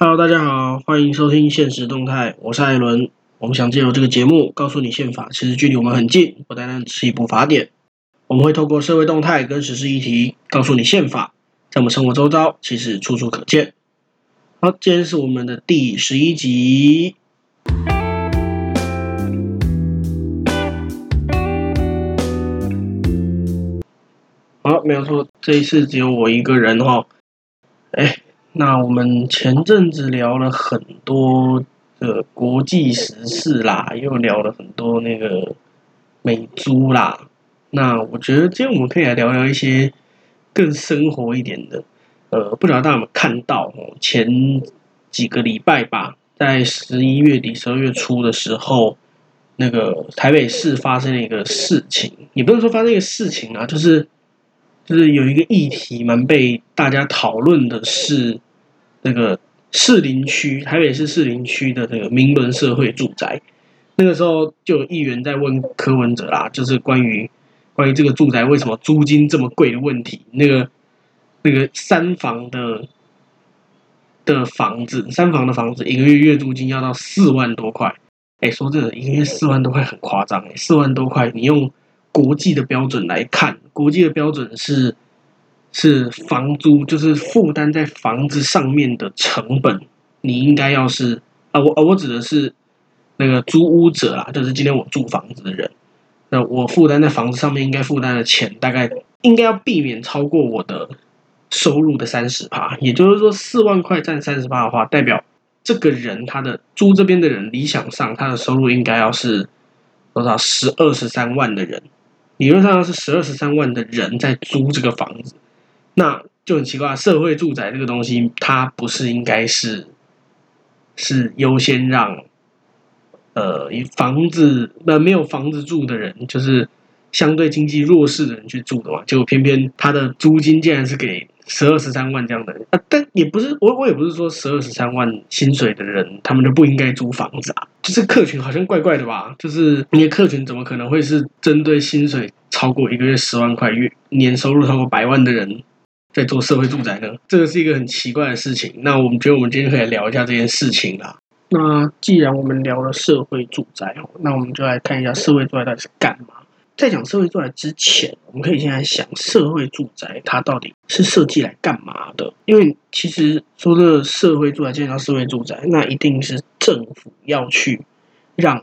Hello，大家好，歡迎收聽《現實動態》，我是艾倫。我們想借由這個節目，告訴你憲法其實距離我們很近，不單單是一部法典。我們會透過社會動態跟時事議題，告訴你憲法在我們生活周遭其實處處可見。好，今天是我們的第十一集。好，沒有錯，這一次只有我一個人哦。哎。那我們前陣子聊了很多的國際時事啦，又聊了很多那個美豬啦。那我覺得今天我們可以來聊聊一些更生活一點的。呃，不知道大家有沒有看到哦，前幾個禮拜吧，在十一月底、十二月初的時候，那個台北市發生了一個事情，也不能說發生一個事情啊，就是。就是有一個議題蠻被大家討論的，是那個士林區，台北市士林區的那個明倫社會住宅。那個時候就有議員在問柯文哲啦，就是關於關於這個住宅為什麼租金這麼貴的問題，那個那個三房的的房子，三房的房子一個月月租金要到四萬多塊。哎，說真的，一個月四萬多塊很誇張，欸，哎，四萬多塊你用。國際的標準來看，國際的標準是是房租，就是負擔在房子上面的成本。你應該要是啊，我我指的是那個租屋者啊，就是今天我租房子的人，那我負擔在房子上面應該負擔的錢，大概應該要避免超過我的收入的三十趴。也就是說，四萬塊佔三十趴的話，代表這個人他的租這邊的人理想上他的收入應該要是多少十二十三萬的人。理論上是十二十三萬的人在租這個房子，那就很奇怪。社會住宅這個東西，它不是應該是是優先讓呃有房子那、呃、沒有房子住的人，就是相對經濟弱勢的人去住的嘛？就偏偏他的租金竟然是給十二十三萬這樣的人啊！但也不是，我我也不是說十二十三萬薪水的人他們就不應該租房子啊。這客群好像怪怪的吧？就是你的客群怎麼可能會是針對薪水超過一個月十萬塊、月年收入超過百萬的人在做社會住宅呢？這個是一個很奇怪的事情。那我們覺得我們今天可以來聊一下這件事情啦。那既然我們聊了社會住宅，那我們就來看一下社會住宅到底是幹嘛。在講社會住宅之前，我們可以先來想社會住宅它到底是設計來幹嘛的？因為其實說這個社會住宅建造，社會住宅，那一定是政府要去讓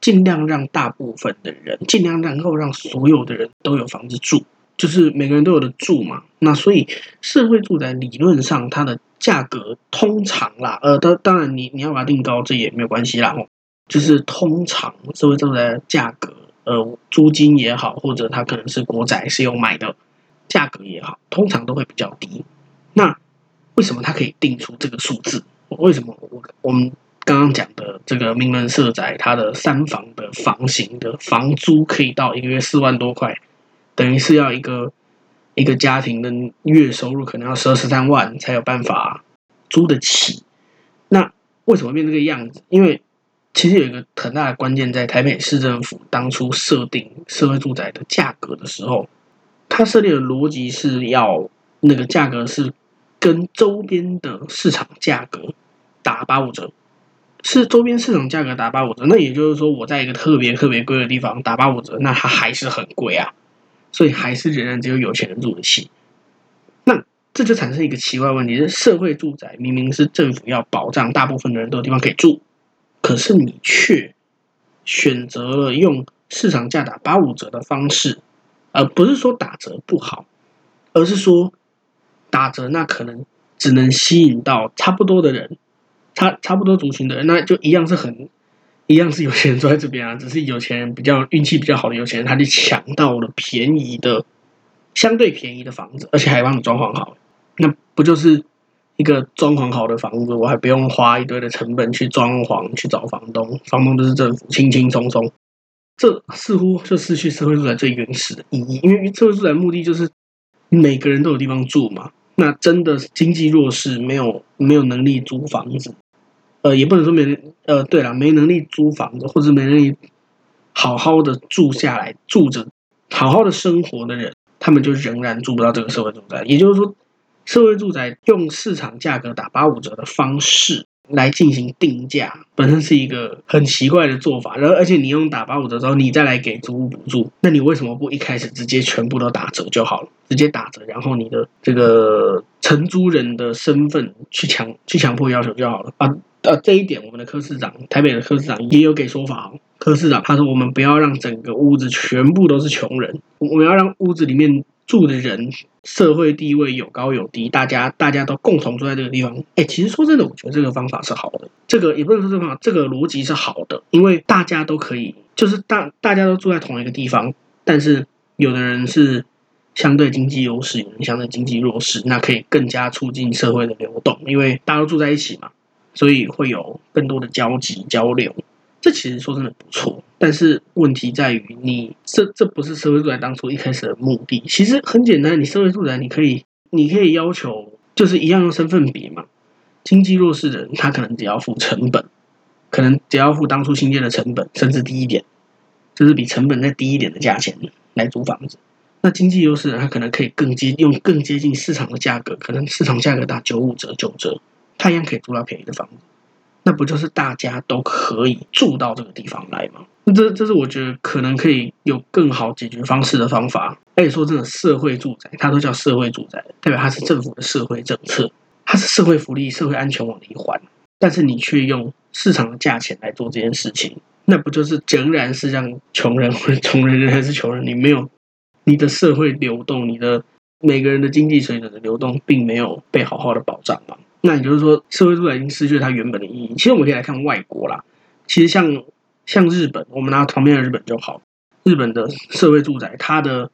儘量，讓大部分的人，儘量能夠讓所有的人都有房子住，就是每個人都有得住嘛。那所以社會住宅理論上它的價格通常啦，呃，當當然你你要把它定高，這也沒有關係啦，就是通常社會住宅的價格。呃，租金也好，或者他可能是國宅是有買的，價格也好，通常都會比較低。那為什麼他可以定出這個數字？為什麼我我們剛剛講的這個明倫社宅，它的三房的房型的房租可以到一個月四萬多塊，等於是要一個一個家庭的月收入可能要十二十三萬才有辦法租得起？那為什麼變這個樣子？因為其實有一個很大的關鍵，在台北市政府當初設定社會住宅的價格的時候，它設立的邏輯是要那個價格是跟周邊的市場價格打八五折，是周邊市場價格打八五折。那也就是說，我在一個特別特別貴的地方打八五折，那它還是很貴啊，所以還是仍然只有有錢人住得起。那這就產生一個奇怪問題，是社會住宅明明是政府要保障大部分的人都有地方可以住。可是你卻選擇了用市場價打八五折的方式，而不是說打折不好，而是說打折那可能只能吸引到差不多的人，差差不多族群的人，那就一樣是很一樣是有錢人住在這邊啊，只是有錢人比較運氣比較好的有錢人，他就搶到了便宜的相對便宜的房子，而且還幫你裝潢好，那不就是？一個裝潢好的房子，我還不用花一堆的成本去裝潢，去找房東，房東都是政府，輕輕鬆鬆。這似乎就失去社會住宅最原始的意義，因為社會住宅的目的就是每個人都有地方住嘛。那真的經濟弱勢，沒有沒有能力租房子，呃，也不能說沒能，呃，對了，沒能力租房子，或者沒能力好好的住下來，住着好好的生活的人，他們就仍然住不到這個社會住宅。也就是說。社會住宅用市場價格打八五折的方式來進行定價，本身是一個很奇怪的做法。然後，而且你用打八五折之後，你再來給租屋補助，那你為什麼不一開始直接全部都打折就好了？直接打折，然後你的這個承租人的身份去強去強迫要求就好了啊？呃，這一點我們的柯市長，台北的柯市長也有給說法哦。柯市長他說，我們不要讓整個屋子全部都是窮人，我們要讓屋子裡面。住的人，社會地位有高有低，大家大家都共同住在這個地方。哎，其實說真的，我覺得這個方法是好的，這個也不能說這個方法，這個邏輯是好的，因為大家都可以，就是大大家都住在同一個地方，但是有的人是相對經濟優勢，有人相對經濟弱勢，那可以更加促進社會的流動，因為大家都住在一起嘛，所以會有更多的交集交流。這其實說真的不錯，但是問題在於你，你這這不是社會住宅當初一開始的目的。其實很簡單，你社會住宅，你可以，你可以要求，就是一樣用身份比嘛。經濟弱勢的人，他可能只要付成本，可能只要付當初興建的成本，甚至低一點，就是比成本再低一點的價錢來租房子。那經濟優勢的人，他可能可以更接用更接近市場的價格，可能市場價格打九五折、九折，他一樣可以租到便宜的房子。那不就是大家都可以住到這個地方來嗎？這這是我覺得可能可以有更好解決方式的方法。可以說這種社會住宅它都叫社會住宅，代表它是政府的社會政策，它是社會福利、社會安全網的一環。但是你卻用市場的價錢來做這件事情，那不就是仍然是讓窮人或者窮人還是窮人？你沒有你的社會流動，你的每個人的經濟水準的流動，並沒有被好好的保障嗎？那也就是說，社會住宅已經失去了它原本的意義。其實我們可以來看外國啦，其實像像日本，我們拿到旁邊的日本就好。日本的社會住宅，它的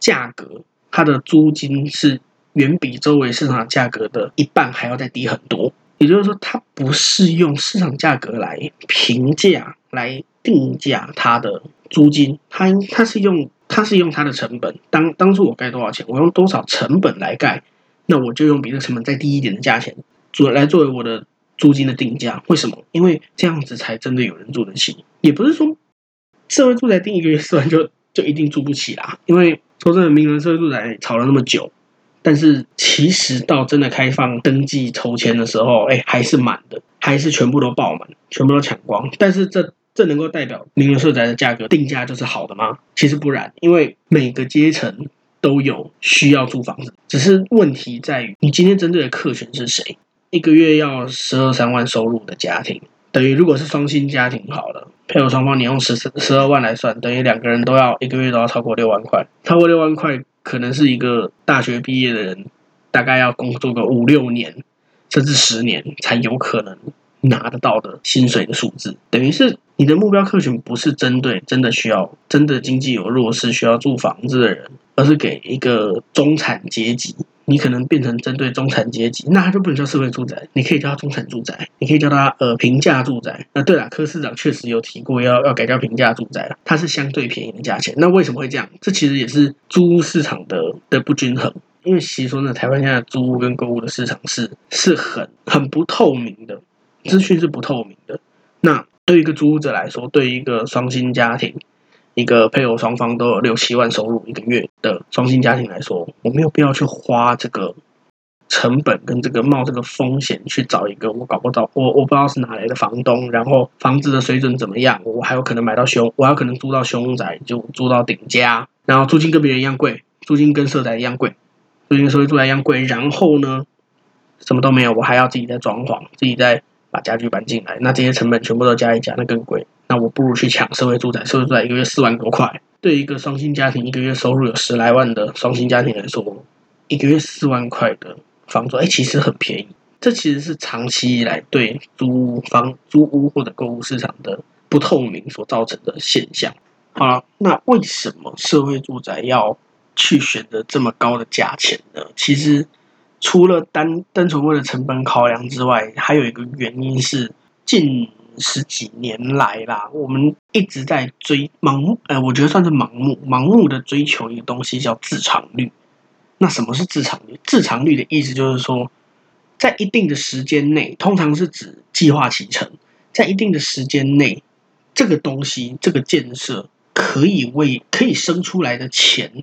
價格、它的租金是遠比周圍市場價格的一半還要再低很多。也就是說，它不是用市場價格來評價、來定價它的租金，它它是用它是用它的成本。當當初我蓋多少錢，我用多少成本來蓋。那我就用比的成本再低一點的價錢，做來作為我的租金的定價。為什麼？因為這樣子才真的有人住得起。也不是說，社會住宅定一個月四萬就就一定住不起啦。因為說真的，明倫社會住宅炒了那麼久，但是其實到真的開放登記抽籤的時候，哎，還是滿的，還是全部都爆滿，全部都搶光。但是這這能夠代表明倫社宅的價格定價就是好的嗎？其實不然，因為每個階層。都有需要住房子，只是問題在於你今天針對的客群是誰？一個月要十二三萬收入的家庭，等於如果是雙薪家庭好了，配偶雙方你用十十二萬來算，等於兩個人都要一個月都要超過六萬塊，超過六萬塊可能是一個大學畢業的人，大概要工作個五六年，甚至十年才有可能拿得到的薪水的數字。等於是你的目標客群不是針對真的需要、真的經濟有弱勢需要住房子的人。而是給一個中產階級，你可能變成針對中產階級，那他就不能叫社會住宅，你可以叫他中產住宅，你可以叫他呃平價住宅。那對了，柯市長確實有提過要要改叫平價住宅，它是相對便宜的價錢。那為什麼會這樣？這其實也是租屋市場的的不均衡，因為其實說呢，台灣現在租屋跟購物的市場是是很很不透明的，資訊是不透明的。那對一個租屋者來說，對一個雙薪家庭。一個配偶雙方都有六七萬收入一個月的雙薪家庭來說，我沒有必要去花這個成本跟這個冒這個風險去找一個我搞不到我我不知道是哪來的房東，然後房子的水準怎麼樣，我還有可能買到兇，我還有可能租到凶宅，就租到頂加，然後租金跟別人一樣貴，租金跟社宅一樣貴，租金跟社宅一樣貴，然後呢，什麼都沒有，我還要自己在裝潢，自己在。把家具搬進來，那這些成本全部都加一加，那更貴。那我不如去搶社會住宅，社會住宅一個月四萬多塊，對一個雙薪家庭一個月收入有十來萬的雙薪家庭來說，一個月四萬塊的房租，哎、欸，其實很便宜。這其實是長期以來對租房、租屋或者購物市場的不透明所造成的現象。好了，那為什麼社會住宅要去選擇這麼高的價錢呢？其實。除了單單純為了成本考量，之外，還有一個原因是近十幾年來啦，我們一直在追盲目，呃我覺得算是盲目，盲目的追求一個東西叫自償率。那什麼是自償率？自償率的意思就是說，在一定的時間內，通常是指計劃期程，在一定的時間內，這個東西這個建設可以為可以生出來的錢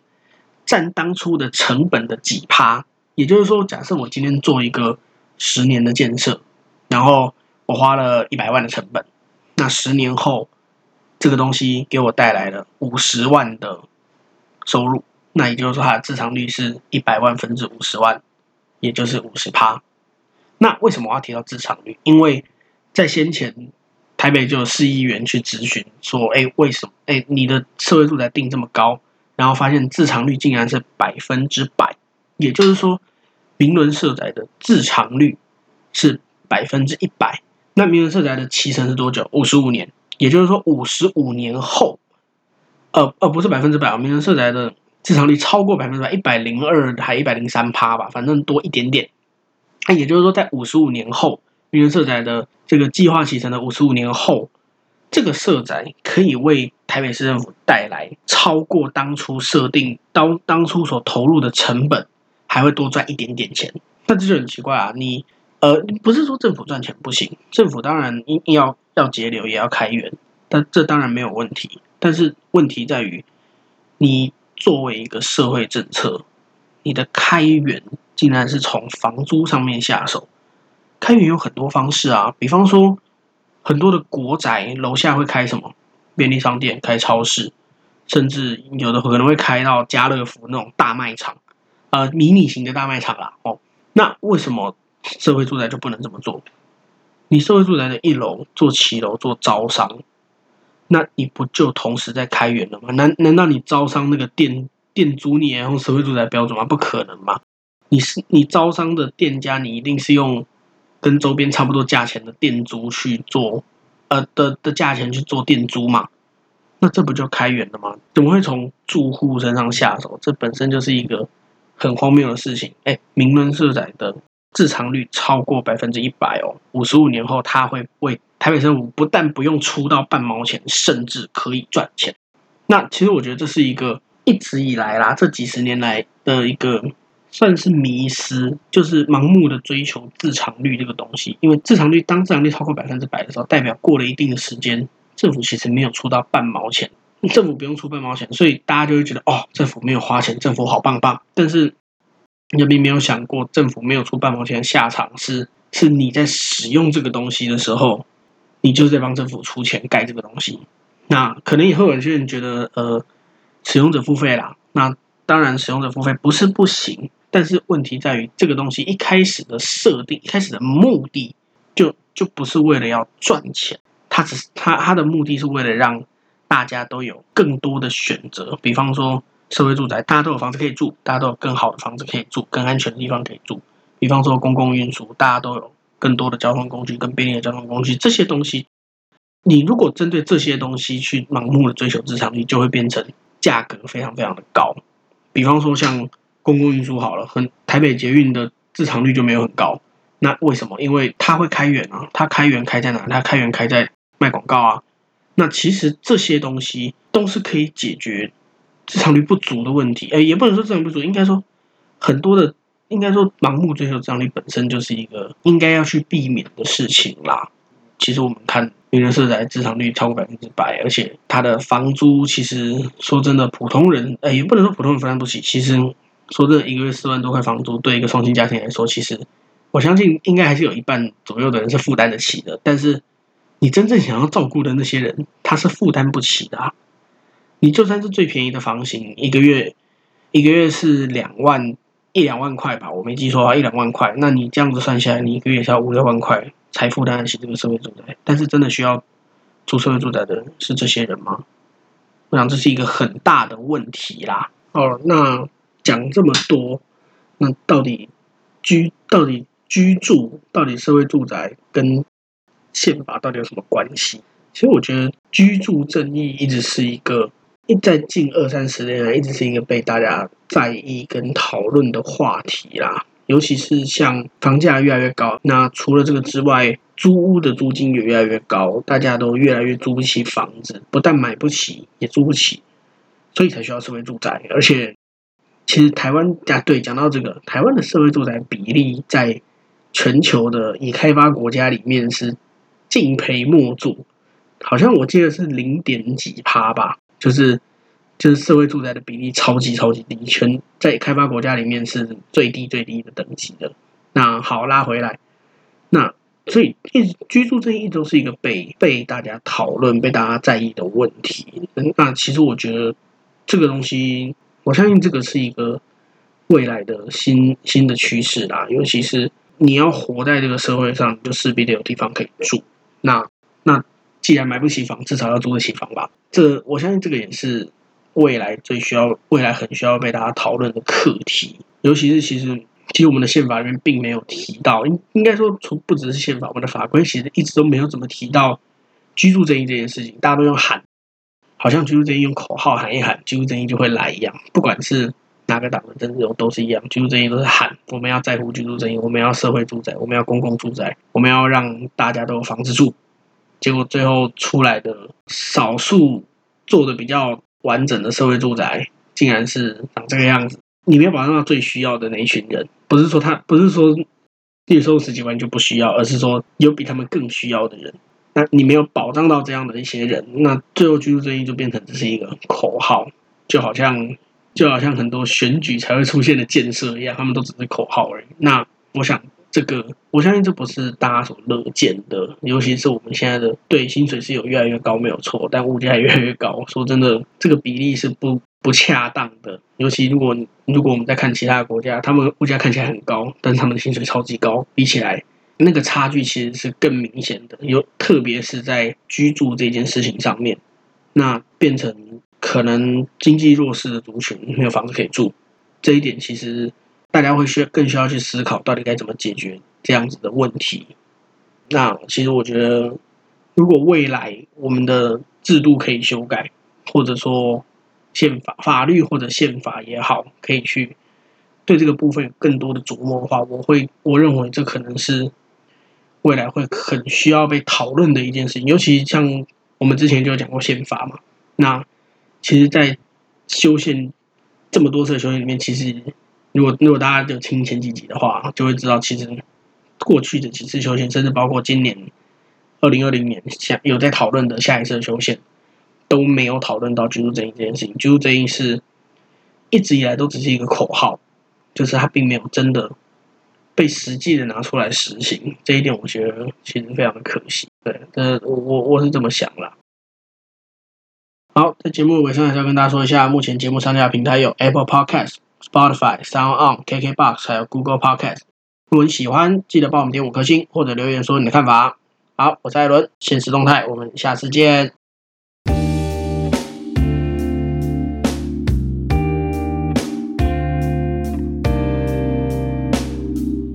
占當初的成本的幾趴。也就是說，假設我今天做一個十年的建設，然後我花了一百萬的成本，那十年後這個東西給我帶來了五十萬的收入，那也就是說它的自償率是一百萬分之五十萬，也就是五十趴。那為什麼我要提到自償率？因為在先前台北就有市議員去質詢說：“哎、欸，為什麼？哎、欸，你的社會住宅定這麼高？”然後發現自償率竟然是百分之百。也就是說，明倫社宅的自償率是百分之一百。那明倫社宅的期程是多久？五十五年。也就是說，五十五年後，呃，呃，不是百分之百啊。明倫社宅的自償率超過百分之百，一百零二還一百零三趴吧，反正多一點點。那也就是說，在五十五年後，明倫社宅的這個計劃期程的五十五年後，這個社宅可以為台北市政府帶來超過當初設定當當初所投入的成本。還會多賺一點點錢，那這就很奇怪啊！你呃，你不是說政府賺錢不行，政府當然要要節流，也要開源，但這當然沒有問題。但是問題在於，你作為一個社會政策，你的開源竟然是從房租上面下手。開源有很多方式啊，比方說，很多的國宅樓下會開什麼便利商店、開超市，甚至有的可能會開到家樂福那種大賣場。呃，迷你型的大賣場啦，哦，那為什麼社會住宅就不能這麼做？你社會住宅的一樓做騎樓、做招商，那你不就同時在開源了嗎？難難道你招商那個店店租你也用社會住宅標準嗎？不可能嘛！你是你招商的店家，你一定是用跟周邊差不多價錢的店租去做，呃的的價錢去做店租嘛？那這不就開源了嗎？怎麼會從住戶身上下手？這本身就是一個。很荒謬的事情，哎，明倫社宅的自償率超過百分之一百哦，五十五年後，他會為台北政府不但不用出到半毛錢，甚至可以賺錢。那其實我覺得這是一個一直以來啦，這幾十年來的一個算是迷思，就是盲目的追求自償率這個東西。因為自償率當自償率超過百分之百的時候，代表過了一定的時間，政府其實沒有出到半毛錢。政府不用出半毛錢，所以大家就會覺得哦，政府沒有花錢，政府好棒棒。但是你並沒有想過，政府沒有出半毛錢下場是：是你在使用這個東西的時候，你就是在幫政府出錢蓋這個東西。那可能以後有些人覺得，呃，使用者付費啦。那當然，使用者付費不是不行，但是問題在於，這個東西一開始的設定、一開始的目的，就就不是為了要賺錢，它只是它它的目的是為了讓。大家都有更多的選擇，比方說社會住宅，大家都有房子可以住，大家都有更好的房子可以住，更安全的地方可以住。比方說公共運輸，大家都有更多的交通工具，更便利的交通工具。這些東西，你如果針對這些東西去盲目的追求自償率，就會變成價格非常非常的高。比方說像公共運輸好了，很，台北捷運的自償率就沒有很高，那為什麼？因為它會開源啊，它開源開在哪？它開源開在賣廣告啊。那其實這些東西都是可以解決，自償率不足的問題。哎、欸，也不能說自償率不足，應該說很多的，應該說盲目追求自償率本身就是一個應該要去避免的事情啦。其實我們看，雲人社宅自償率超過百分之百，而且它的房租，其實說真的，普通人，哎、欸，也不能說普通人負擔不起。其實說真的，一個月四萬多塊房租，對一個雙薪家庭來說，其實我相信應該還是有一半左右的人是負擔得起的。但是。你真正想要照顧的那些人，他是負擔不起的啊。你就算是最便宜的房型，一個月，一個月是兩萬一兩萬塊吧，我沒記錯一兩萬塊。那你這樣子算下來，你一個月是要五六萬塊才負擔得起這個社會住宅。但是，真的需要住社會住宅的人是這些人嗎？我想這是一個很大的問題啦。哦，那講這麼多，那到底居到底居住，到底社會住宅跟？憲法到底有什麼關係？其實我覺得居住正義一直是一個，一，在近二三十年來一直是一個被大家在意跟討論的話題啦。尤其是像房價越來越高，那除了這個之外，租屋的租金也越來越高，大家都越來越租不起房子，不但買不起也租不起，所以才需要社會住宅。而且，其實台灣啊，對，講到這個，台灣的社會住宅比例在全球的已開發國家裡面是。敬陪末座，好像我記得是零點幾趴吧，就是就是社會住宅的比例超級超級低，全在開發國家裡面是最低最低的等級的。那好拉回來，那所以一居住正義一直都是一個被被大家討論、被大家在意的問題。那其實我覺得這個東西，我相信這個是一個未來的新新的趨勢啦。尤其是你要活在這個社會上，你就勢必得有地方可以住。那那既然買不起房，至少要租得起房吧？這，我相信這個也是未來最需要、未來很需要被大家討論的課題。尤其是其實，其實我們的憲法裡面並沒有提到，應應該說從不只是憲法，我們的法規其實一直都沒有怎麼提到居住正義這件事情。大家都用喊，好像居住正義用口號喊一喊，居住正義就會來一樣。不管是哪個黨的政治都是一樣，居住正義都是喊，我們要在乎居住正義，我們要社會住宅，我們要公共住宅，我們要讓大家都有房子住。結果最後出來的少數做的比較完整的社會住宅，竟然是長這個樣子。你沒有保障到最需要的那一群人，不是說他，不是說月收入十幾萬就不需要，而是說有比他們更需要的人。那你沒有保障到這樣的一些人，那最後居住正義就變成只是一個口號，就好像。就好像很多選舉才會出現的建設一樣，他們都只是口號而已。那我想，這個我相信這不是大家所樂見的。尤其是我們現在的對薪水是有越來越高，沒有錯，但物價也越來越高。說真的，這個比例是不不恰當的。尤其如果如果我們再看其他的國家，他們物價看起來很高，但是他們的薪水超級高，比起來那個差距其實是更明顯的。尤特別是在居住這件事情上面，那變成。可能經濟弱勢的族群沒有房子可以住，這一點其實大家會需要，更需要去思考，到底該怎麼解決這樣子的問題。那其實我覺得，如果未來我們的制度可以修改，或者說憲法、法律或者憲法也好，可以去對這個部分有更多的琢磨的話，我會我認為這可能是未來會很需要被討論的一件事情。尤其像我們之前就有講過憲法嘛，那。其實，在修憲這麼多次的修憲裡面，其實如果如果大家就聽前幾集的話，就會知道，其實過去的幾次修憲，甚至包括今年二零二零年下有在討論的下一次的修憲，都沒有討論到居住正義這件事情。居住正義是一直以來都只是一個口號，就是它並沒有真的被實際的拿出來實行。這一點，我覺得其實非常的可惜。對，這我我我是這麼想啦。好，在節目尾聲還是要跟大家說一下，目前節目上架平台有 Apple Podcast、Spotify、Sound On、KKBox，還有 Google Podcast。如果你喜歡，記得幫我們點五顆星，或者留言說你的看法。好，我是艾倫，限時動態，我們下次見。